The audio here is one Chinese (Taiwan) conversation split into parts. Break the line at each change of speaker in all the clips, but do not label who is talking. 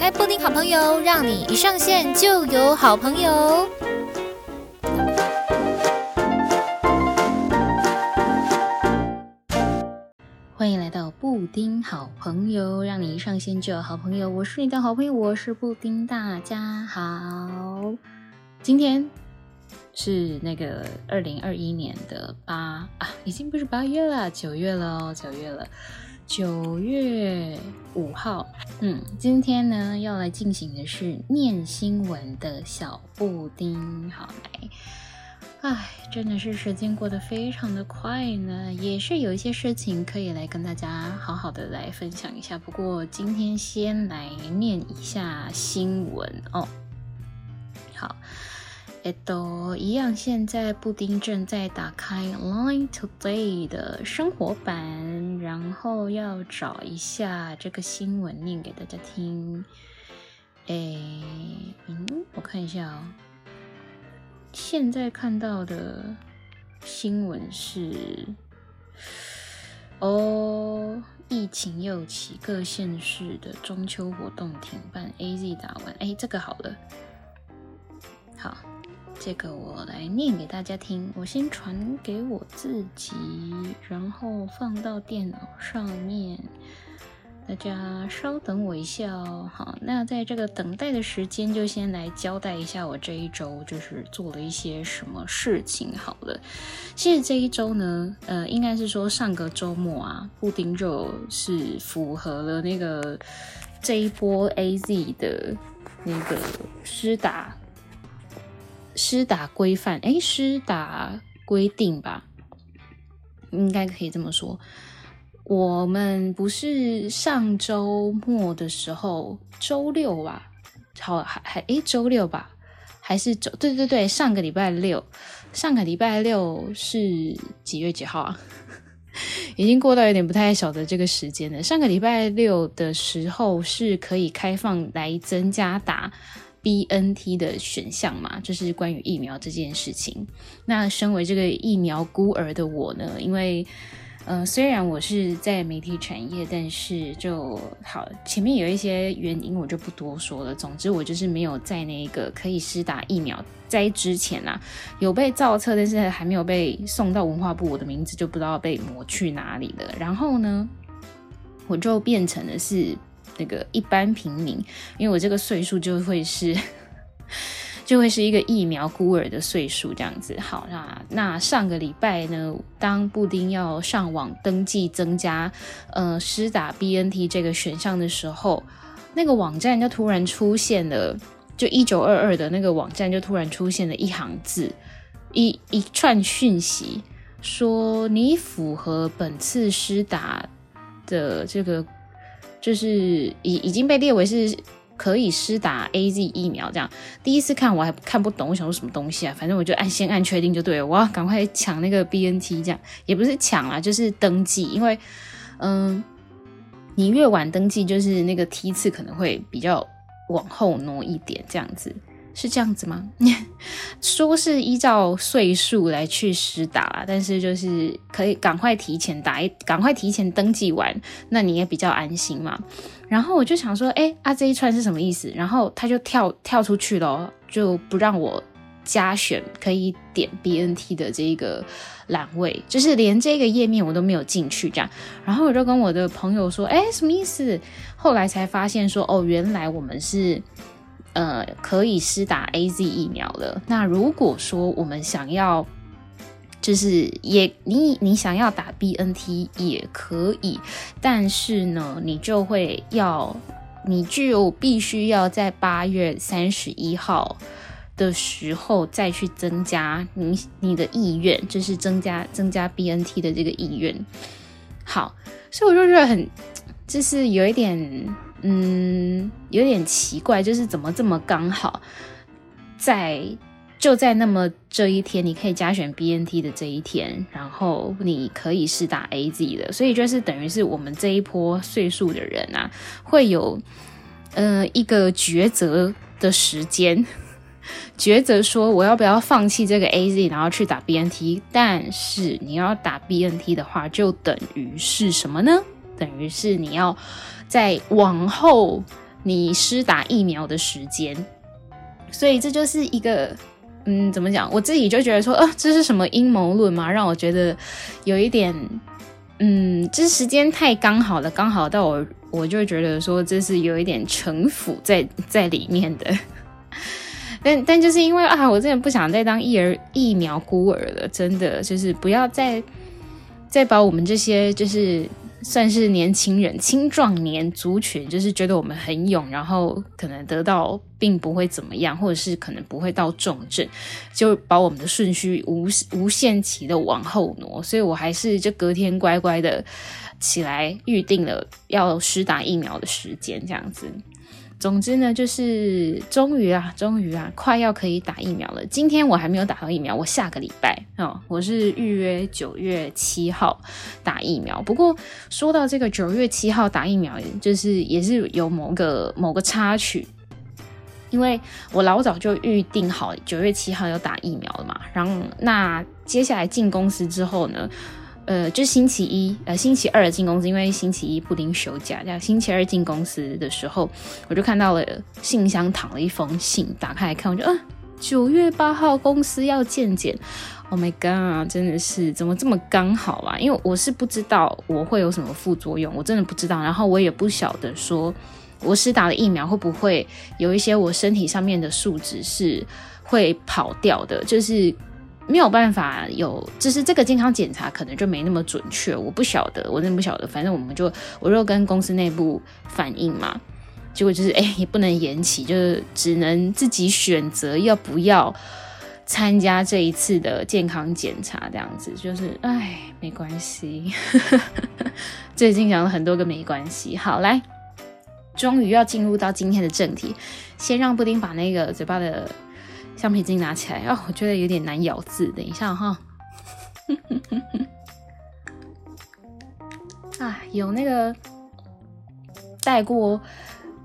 開布丁好朋友，讓你一上線就有好朋友。歡迎來到布丁好朋友，讓你一上線就有好朋友。我是你的好朋友，我是布丁。大家好，今天是那個二零二一年的八啊，已經不是八月了，九月了哦，九月了。九月五號，嗯，今天呢要來進行的是念新聞的小布丁，好來，哎，真的是時間過得非常的快呢，也是有一些事情可以來跟大家好好的來分享一下，不過今天先來念一下新聞哦，好。哎，都一樣。現在布丁正在打開 Line Today 的生活版，然後要找一下這個新聞念給大家聽。哎，嗯，我看一下哦。現在看到的新聞是，哦，疫情又起，各縣市的中秋活動停辦。AZ 打完，哎，這個好了，好。這個我來念給大家聽，我先傳給我自己，然後放到電腦上面。大家稍等我一下哦。好，那在這個等待的時間，就先來交代一下我這一周就是做了一些什麼事情。好了，其實這一周呢，呃，應該是說上個周末啊，布丁就是符合了那個這一波 AZ 的那個施打。施打規範，哎，施打規定吧，應該可以這麼說。我們不是上周末的時候，周六吧？好，還還哎，周六吧？還是周？對對對，上個禮拜六，上個禮拜六是幾月幾號啊？已經過到有點不太曉得這個時間了。上個禮拜六的時候是可以開放來增加打，BNT 的選項嘛，就是關於疫苗這件事情。那身為這個疫苗孤兒的我呢，因為呃，雖然我是在媒體產業，但是就好前面有一些原因，我就不多說了。總之，我就是沒有在那個可以施打疫苗在之前啊，有被造冊，但是還沒有被送到文化部，我的名字就不知道被抹去哪裡了。然後呢，我就變成了是。那個一般平民，因為我這個歲數就會是，就會是一個疫苗孤兒的歲數這樣子。好，那那上個禮拜呢，當布丁要上網登記增加，呃，施打 BNT 這個選項的時候，那個網站就突然出現了，就一九二二的那個網站就突然出現了一行字，一一串訊息，說你符合本次施打的這個。就是已已經被列為是可以施打 AZ 疫苗這樣。第一次看我還看不懂，我想說什麼東西啊？反正我就按先按確定就對了。我要趕快搶那個 BNT 這樣，也不是搶啦，就是登記，因為嗯，你越晚登記就是那個梯次可能會比較往後挪一點這樣子。是這樣子嗎？ 說是依照歲數來去施打啦，但是就是可以趕快提前打一，趕快提前登記完，那你也比較安心嘛。然後我就想說，哎、欸、啊，這一串是什麼意思？然後他就跳跳出去咯，就不讓我加選，可以點 BNT 的這個欄位，就是連這個頁面我都沒有進去這樣。然後我就跟我的朋友說，哎、欸，什麼意思？後來才發現說，哦，原來我們是。呃，可以施打 AZ 疫苗了。那如果說我們想要，就是也你你想要打 BNT 也可以，但是呢，你就會要你就必須要在八月三十一號的時候再去增加你你的意願，就是增加增加 BNT 的這個意願。好，所以我就覺得很就是有一點。嗯，有點奇怪，就是怎麼這麼剛好在就在那麼這一天，你可以加選 BNT 的這一天，然後你可以施打 AZ 的，所以就是等於是我們這一波歲數的人啊，會有嗯、呃、一個抉擇的時間，抉擇說我要不要放棄這個 AZ，然後去打 BNT，但是你要打 BNT 的話，就等於是什麼呢？等於是你要在往後你施打疫苗的時間，所以這就是一個嗯，怎麼講？我自己就覺得說，啊、呃，這是什麼陰謀論嗎？讓我覺得有一點嗯，這時間太剛好了，剛好到我我就覺得說，這是有一點城府在在裡面的。但但就是因為啊，我真的不想再當一兒疫苗孤兒了，真的就是不要再再把我們這些就是。算是年輕人、青壯年族群，就是覺得我們很勇，然後可能得到並不會怎麼樣，或者是可能不會到重症，就把我們的順序無無限期的往後挪。所以我還是就隔天乖乖的起來，預定了要施打疫苗的時間，這樣子。總之呢，就是終於啊，終於啊，快要可以打疫苗了。今天我還沒有打到疫苗，我下個禮拜哦，我是預約九月七號打疫苗。不過說到這個九月七號打疫苗，就是也是有某個某個插曲，因為我老早就預定好九月七號要打疫苗了嘛。然後那接下來進公司之後呢，呃，就星期一，呃，星期二進公司，因為星期一布丁休假。然後星期二進公司的時候，我就看到了信箱躺了一封信，打開來看，我就啊，九月八號公司要健檢。Oh my god，真的是怎麼這麼剛好啊？因為我是不知道我會有什麼副作用，我真的不知道。然後我也不曉得說，我是打了疫苗會不會有一些我身體上面的數值是會跑掉的，就是。沒有辦法有，就是這個健康檢查可能就沒那麼準確，我不曉得，我真的不曉得。反正我們就，我就跟公司內部反映嘛，結果就是，哎、欸，也不能延期，就是只能自己選擇要不要參加這一次的健康檢查，這樣子就是，哎，沒關係呵呵。最近講了很多個沒關係，好來，終於要進入到今天的正題，先讓布丁把那個嘴巴的。橡皮筋拿起來啊、哦，我覺得有點難咬字。等一下哈，哦、 啊，有那個戴過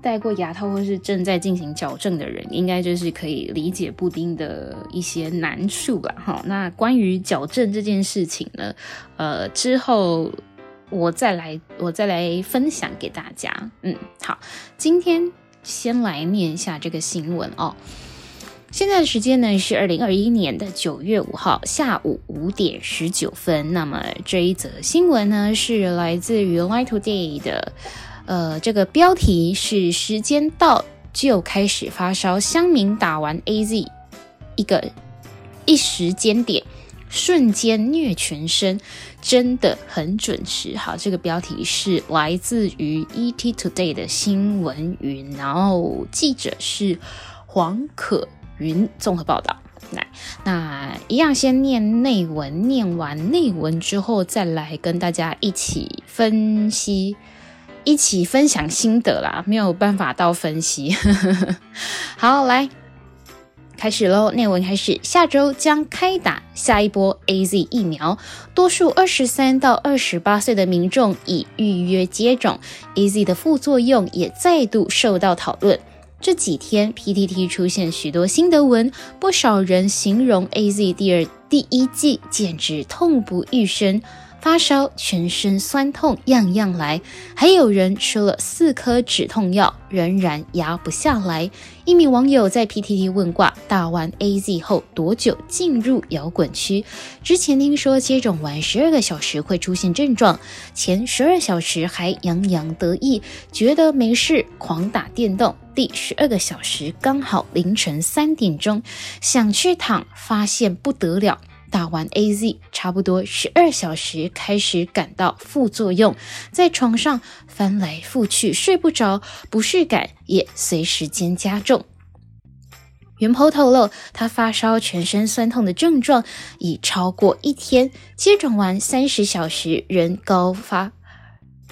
戴過牙套或是正在進行矯正的人，應該就是可以理解布丁的一些難處吧？哈、哦。那關於矯正這件事情呢，呃，之後我再來我再來分享給大家。嗯，好，今天先來念一下這個新聞哦。現在的時間呢是二零二一年的九月五號下午五點十九分。那麼這一則新聞呢是來自於《LINE Today》的，呃，這個標題是“時間到就開始發燒”，鄉民打完 AZ 一個一時間點，瞬間虐全身，真的很準時。好，這個標題是來自於《ET Today》的新聞雲，然後記者是黃可。雲綜合報道，來，那一樣先念內文，念完內文之後，再來跟大家一起分析，一起分享心得啦。沒有辦法到分析， 好，來開始嘍，內文開始。下周將開打下一波 AZ 疫苗，多數二十三到二十八歲的民眾已預約接種，AZ 的副作用也再度受到討論。這幾天，PTT 出現許多心得文，不少人形容 AZ 第二劑第一劑簡直痛不欲生。發燒，全身酸痛，樣樣來。還有人吃了四顆止痛藥，仍然壓不下來。一名網友在 PTT 問卦：打完 AZ 後多久進入搖滾區？之前聽說接種完十二個小時會出現症狀，前十二小時還洋洋得意，覺得沒事，狂打電動。第十二個小時剛好凌晨三點鐘，想去躺，發現不得了。打完 AZ，差不多十二小時開始感到副作用，在床上翻來覆去睡不着，不適感也隨時間加重。原 PO 透露，他發燒、全身酸痛的症狀已超過一天。接種完三十小時仍高發，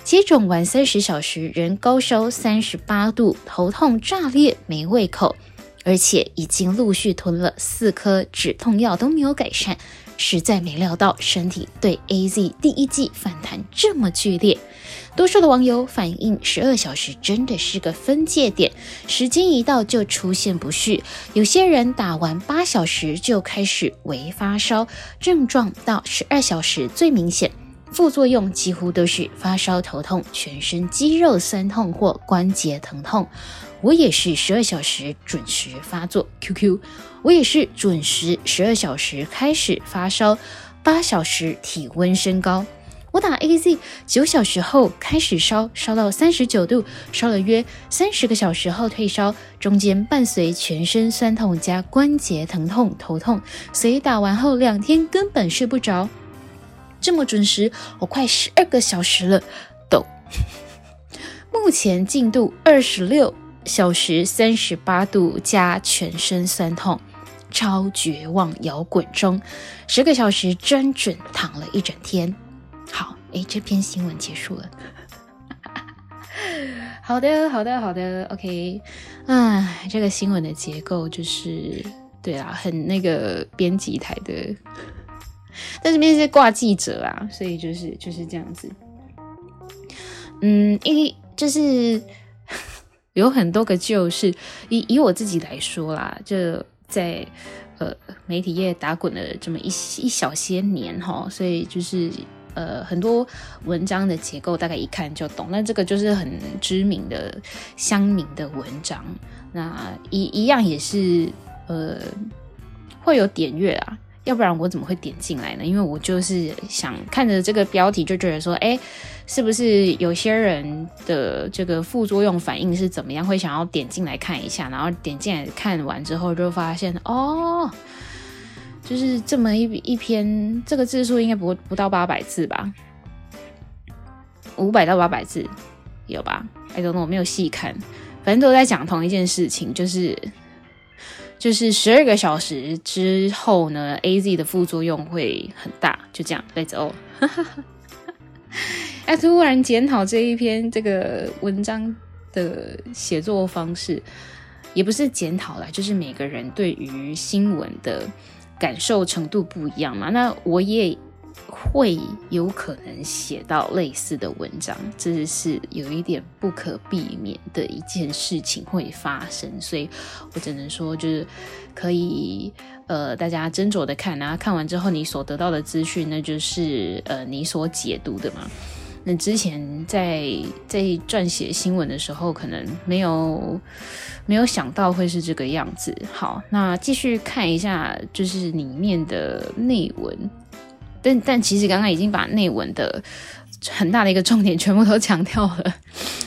接種完三十小時仍高燒三十八度，頭痛炸裂，沒胃口。而且已經陸續吞了四顆止痛藥都沒有改善，實在沒料到身體對 AZ 第一劑反彈這麼劇烈。多數的網友反映，十二小時真的是個分界點，時間一到就出現不適。有些人打完八小時就開始微發燒，症狀到十二小時最明顯，副作用幾乎都是發燒、頭痛、全身肌肉酸痛或關節疼痛。我也是十二小時準時發作，QQ，我也是準時十二小時開始發燒，八小時體溫升高。我打 AZ 九小時後開始燒，燒到三十九度，燒了約三十個小時後退燒，中間伴隨全身酸痛加關節疼痛、頭痛，所以打完後兩天根本睡不着。這麼準時，我快十二個小時了，抖。 目前進度二十六。小時三十八度加全身痠痛，超絕望搖滾中，十個小時真准躺了一整天。好，哎，這篇新聞結束了。 好的，好的，好的，OK。哎、嗯，這個新聞的結構就是，對啊，很那個編輯台的，但是面是掛記者啊，所以就是就是這樣子。嗯，一就是。有很多個就、就是，是以以我自己來說啦，就在呃媒體業打滾了這麼一一小些年齁，所以就是呃很多文章的結構大概一看就懂。那這個就是很知名的鄉民的文章，那一一樣也是呃會有點閱啊。要不然我怎麼會點進來呢？因為我就是想看着這個標題就覺得說，哎，是不是有些人的這個副作用反應是怎麼樣，會想要點進來看一下。然後點進來看完之後就發現，哦，就是這麼一一篇，這個字數應該不不到八百字吧，五百到八百字有吧？哎等等，我沒有細看，反正都在講同一件事情，就是。就是十二個小時之後呢，AZ 的副作用會很大，就這樣。Let's go。 哈。哎，突然檢討這一篇這個文章的寫作方式，也不是檢討啦，就是每個人對於新聞的感受程度不一樣嘛。那我也。會有可能寫到類似的文章，這是有一點不可避免的一件事情會發生，所以我只能說就是可以呃大家斟酌的看啊，然後看完之後你所得到的資訊那就是呃你所解讀的嘛。那之前在在撰寫新聞的時候，可能沒有沒有想到會是這個樣子。好，那繼續看一下就是裡面的內文。但但其實剛剛已經把內文的很大的一個重點全部都強調了，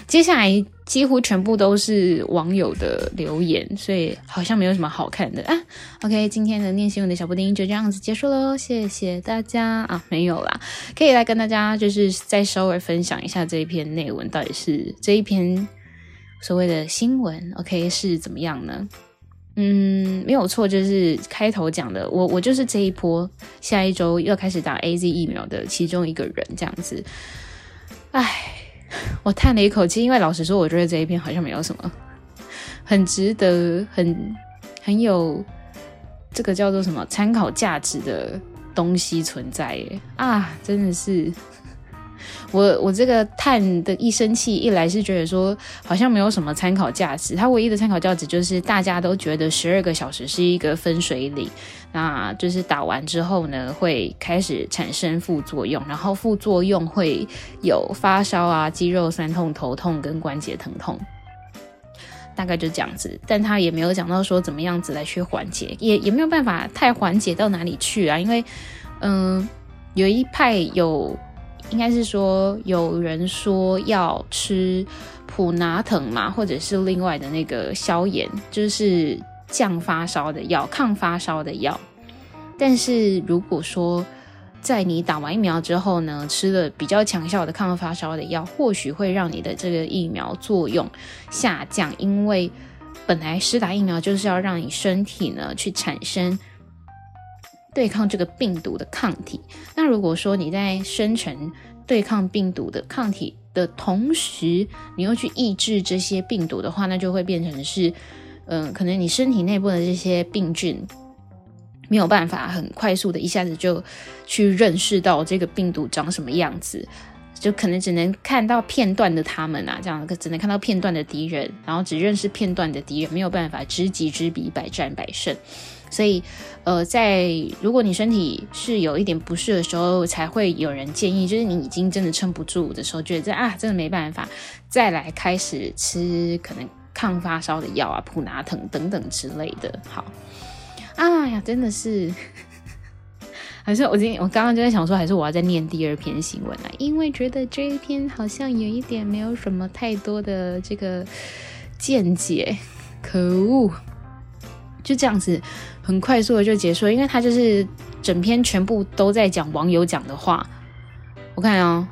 接下來幾乎全部都是網友的留言，所以好像沒有什麼好看的啊。OK，今天的念新聞的小布丁就這樣子結束嘍，謝謝大家啊。沒有啦，可以來跟大家就是再稍微分享一下這一篇內文到底是這一篇所謂的新聞，OK，是怎麼樣呢？嗯，沒有錯，就是開頭講的，我我就是這一波下一周又開始打 AZ 疫苗的其中一個人，這樣子。唉，我嘆了一口氣，因為老實說，我覺得這一篇好像沒有什麼很值得、很很有這個叫做什麼參考價值的東西存在耶啊，真的是。我我這個碳的一生氣，一來是覺得說好像沒有什麼參考價值，他唯一的參考價值就是大家都覺得十二個小時是一個分水嶺，那就是打完之後呢，會開始產生副作用，然後副作用會有發燒啊、肌肉痠痛、頭痛跟關節疼痛，大概就這樣子，但他也沒有講到說怎麼樣子來去緩解，也也沒有辦法太緩解到哪裡去啊，因為嗯、呃、有一派有。應該是說，有人說要吃普拿疼嘛，或者是另外的那個消炎，就是降發燒的藥、抗發燒的藥。但是如果說在你打完疫苗之後呢，吃了比較強效的抗發燒的藥，或許會讓你的這個疫苗作用下降，因為本來施打疫苗就是要讓你身體呢去產生。對抗這個病毒的抗體。那如果說你在生成對抗病毒的抗體的同時，你又去抑制這些病毒的話，那就會變成是，嗯、呃，可能你身體內部的這些病菌沒有辦法很快速的一下子就去認識到這個病毒長什麼樣子。就可能只能看到片段的他們啊，這樣子只能看到片段的敵人，然後只認識片段的敵人，沒有辦法知己知彼，百戰百勝。所以，呃，在如果你身體是有一點不適的時候，才會有人建議，就是你已經真的撐不住的時候，覺得這啊，真的沒辦法，再來開始吃可能抗發燒的藥啊，普拿疼等等之類的。好，哎呀，真的是。還是我今天我剛剛就在想說，還是我要再念第二篇新聞啊，因為覺得這一篇好像有一點沒有什麼太多的這個見解，可惡，就這樣子很快速的就結束了，因為它就是整篇全部都在講網友講的話。我看哦。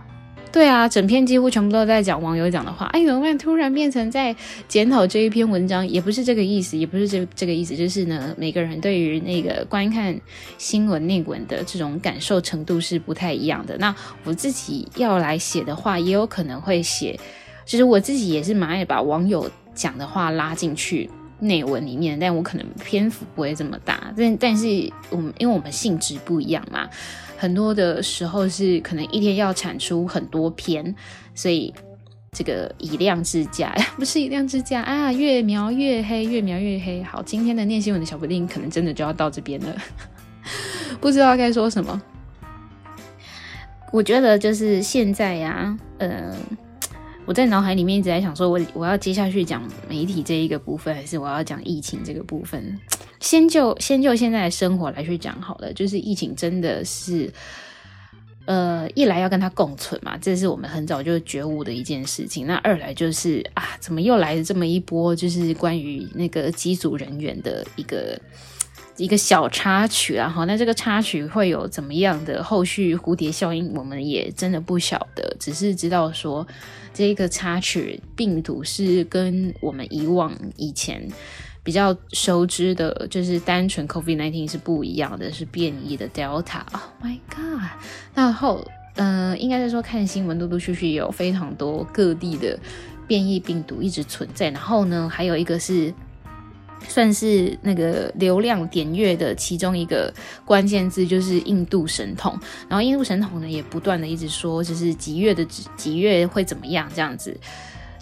對啊，整篇幾乎全部都在講網友講的話。哎，怎麼辦？突然變成在檢討這一篇文章，也不是這個意思，也不是這這個意思。就是呢，每個人對於那個觀看新聞內文的這種感受程度是不太一樣的。那我自己要來寫的話，也有可能會寫。其實我自己也是蠻愛把網友講的話拉進去內文裡面，但我可能篇幅不會這麼大。但但是我們因為我們性質不一樣嘛。很多的時候是可能一天要產出很多篇，所以這個以量制價不是以量制價啊，越描越黑，越描越黑。好，今天的念新聞的小布丁可能真的就要到這邊了， 不知道該說什麼。我覺得就是現在呀、啊，嗯、呃，我在腦海裡面一直在想，說我我要接下去講媒體這一個部分，還是我要講疫情這個部分？先就先就現在的生活來去講好了，就是疫情真的是，呃，一來要跟它共存嘛，這是我們很早就覺悟的一件事情。那二來就是啊，怎麼又來了這麼一波,就是關於那個機組人員的一個一個小插曲啊。好，那這個插曲會有怎麼樣的後續蝴蝶效應，我們也真的不曉得，只是知道說這個插曲病毒是跟我們以往以前，比較熟知的，就是單純 COVID-19 是不一樣的，是變異的 Delta。Oh my God！然後，嗯、呃，應該是說看新聞，陸陸續續有非常多各地的變異病毒一直存在。然後呢，還有一個是算是那個流量點閱的其中一個關鍵字，就是印度神童。然後印度神童呢，也不斷的一直說，就是幾月的幾月會怎麼樣這樣子。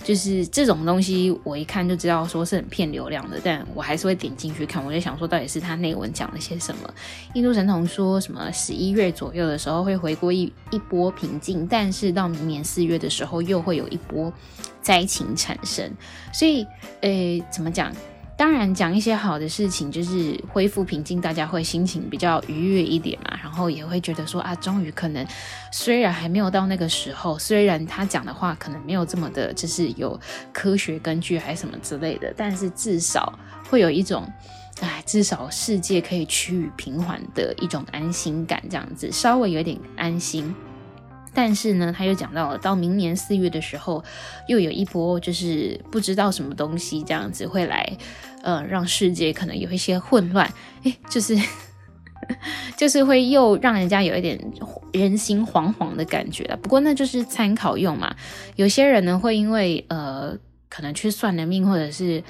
就是這種東西，我一看就知道說是很騙流量的，但我還是會點進去看。我就想說，到底是他內文講了些什麼？印度神童說什麼十一月左右的時候會回歸一一波平靜，但是到明年四月的時候又會有一波災情產生。所以，誒，怎麼講？當然，講一些好的事情，就是恢復平靜，大家會心情比較愉悅一點嘛。然後也會覺得說啊，終於可能，雖然還沒有到那個時候，雖然他講的話可能沒有這麼的，就是有科學根據還是什麼之類的，但是至少會有一種，唉，至少世界可以趨於平緩的一種安心感，這樣子稍微有點安心。但是呢，他又講到了，到明年四月的時候，又有一波，就是不知道什麼東西這樣子會來，呃，讓世界可能有一些混亂，誒，就是，就是會又讓人家有一點人心惶惶的感覺了。不過那就是參考用嘛，有些人呢會因為呃可能去算了命，或者是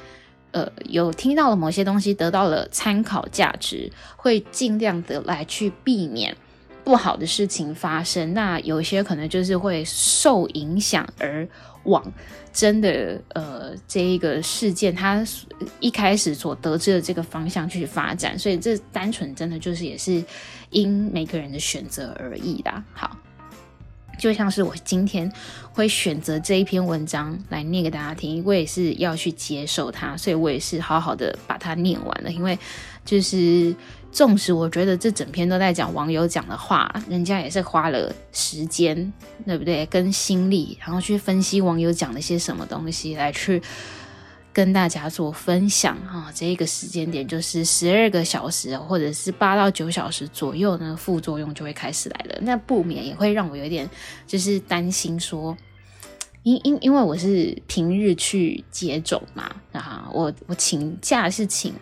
呃有聽到了某些東西，得到了參考價值，會盡量的來去避免。不好的事情發生，那有些可能就是會受影響而往真的呃這一個事件，他一開始所得知的這個方向去發展，所以這單純真的就是也是因每個人的選擇而異的啊。好，就像是我今天會選擇這一篇文章來念給大家聽，我也是要去接受它，所以我也是好好的把它念完了，因為就是。縱使我覺得這整篇都在講網友講的話，人家也是花了時間，對不對？跟心力，然後去分析網友講了些什麼東西，來去跟大家做分享啊、哦。這一個時間點就是十二個小時，或者是八到九小時左右呢，副作用就會開始來了。那不免也會讓我有點就是擔心說，因因因為我是平日去接種嘛，啊，我我請假是請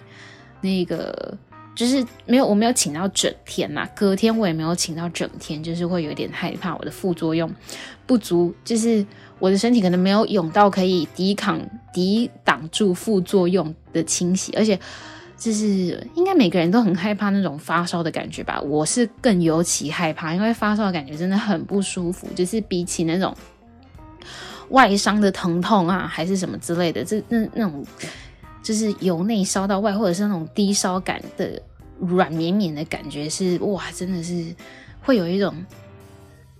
那個。就是沒有，我沒有請到整天嘛，啊，隔天我也沒有請到整天，就是會有點害怕我的副作用不足，就是我的身體可能沒有勇到可以抵抗抵擋住副作用的侵襲，而且就是應該每個人都很害怕那種發燒的感覺吧，我是更尤其害怕，因為發燒的感覺真的很不舒服，就是比起那種外傷的疼痛啊，還是什麼之類的，這那那種就是由內燒到外，或者是那種低燒感的。軟綿綿的感覺是哇，真的是會有一種，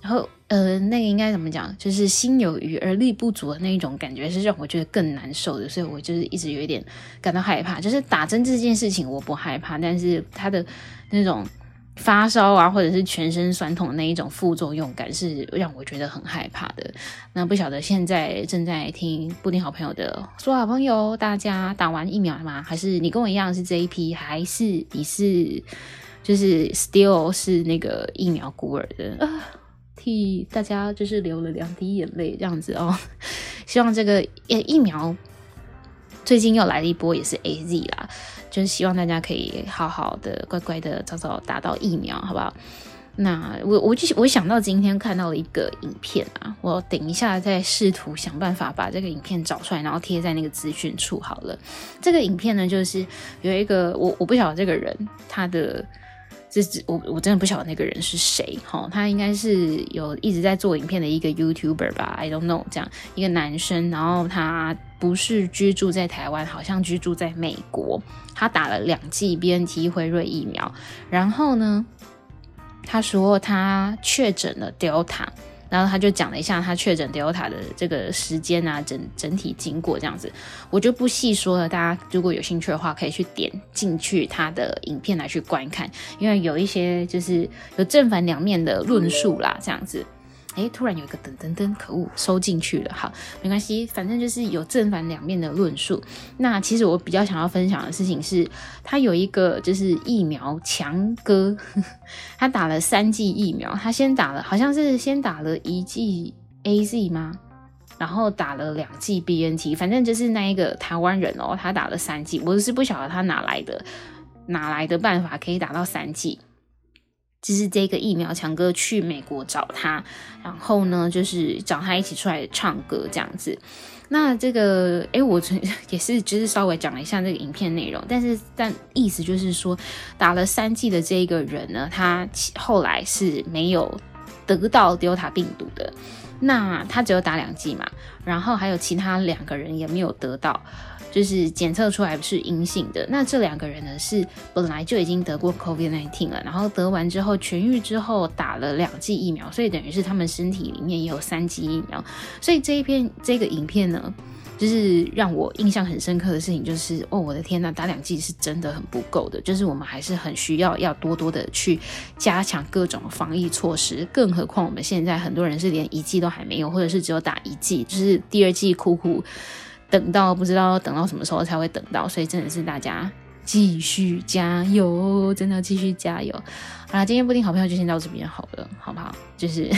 然後呃、那個應該怎麼講，就是心有餘而力不足的那一種感覺，是讓我覺得更難受的，所以我就是一直有一點感到害怕。就是打針這件事情我不害怕，但是他的那種。發燒啊，或者是全身酸痛的那一種副作用感，是讓我覺得很害怕的。那不曉得現在正在聽布丁好朋友的說，好朋友，大家打完疫苗了嗎？還是你跟我一樣是這一批？還是你是就是 still 是那個疫苗孤兒的？啊，替大家就是流了兩滴眼淚這樣子哦。希望這個疫苗。最近又來了一波，也是 AZ 啦，就是希望大家可以好好的、乖乖的、早早打到疫苗，好不好？那我我就我想到今天看到了一個影片啊，我等一下再試圖想辦法把這個影片找出來，然後貼在那個資訊處好了。這個影片呢，就是有一個我我不曉得這個人他的。這我我真的不曉得那個人是誰，齁，他應該是有一直在做影片的一個 YouTuber 吧，I don't know，這樣一個男生，然後他不是居住在台灣，好像居住在美國，他打了兩劑 BNT 輝瑞疫苗，然後呢，他說他確診了 Delta。然後他就講了一下他確診 Delta 的這個時間啊，整整體經過這樣子，我就不細說了。大家如果有興趣的話，可以去點進去他的影片來去觀看，因為有一些就是有正反兩面的論述啦，這樣子。哎、欸，突然有一個噔噔噔，可惡，收進去了。好，沒關係，反正就是有正反兩面的論述。那其實我比較想要分享的事情是，他有一個就是疫苗強哥呵呵，他打了三劑疫苗，他先打了好像是先打了一劑 AZ 嗎？然後打了兩劑 BNT，反正就是那一個台灣人哦，他打了三劑，我是不曉得他哪來的哪來的辦法可以打到三劑。就是這個疫苗，強哥去美國找他，然後呢，就是找他一起出來唱歌這樣子。那這個，哎，我也是，就是稍微講了一下這個影片內容。但是，但意思就是說，打了三劑的這一個人呢，他後來是沒有得到 Delta 病毒的。那他只有打兩劑嘛，然後還有其他兩個人也沒有得到。就是檢測出來不是陰性的，那這兩個人呢，是本來就已經得過 COVID-19 了，然後得完之後痊癒之後打了兩劑疫苗，所以等於是他們身體裡面也有三劑疫苗。所以這一篇這個影片呢，就是讓我印象很深刻的事情，就是哦，我的天吶，打兩劑是真的很不夠的，就是我們還是很需要要多多的去加強各種防疫措施，更何況我們現在很多人是連一劑都還沒有，或者是只有打一劑，就是第二劑哭哭。等到不知道等到什麼時候才會等到，所以真的是大家繼續加油，真的繼續加油。好了，今天布丁好朋友就先到這邊好了，好不好？就是。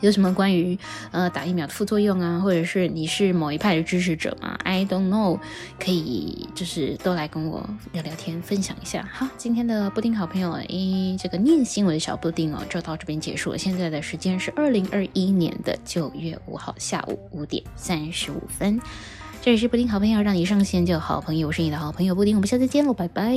有什麼關於呃打疫苗的副作用啊，或者是你是某一派的支持者嘛？I don't know，可以就是都來跟我聊聊天，分享一下。好，今天的布丁好朋友誒這個念新聞的小布丁哦，就到這邊結束了。現在的時間是二零二一年的九月五號下午五點三十五分，這裡是布丁好朋友，讓你上線就好朋友，我是你的好朋友布丁，我們下次見嘍，拜拜。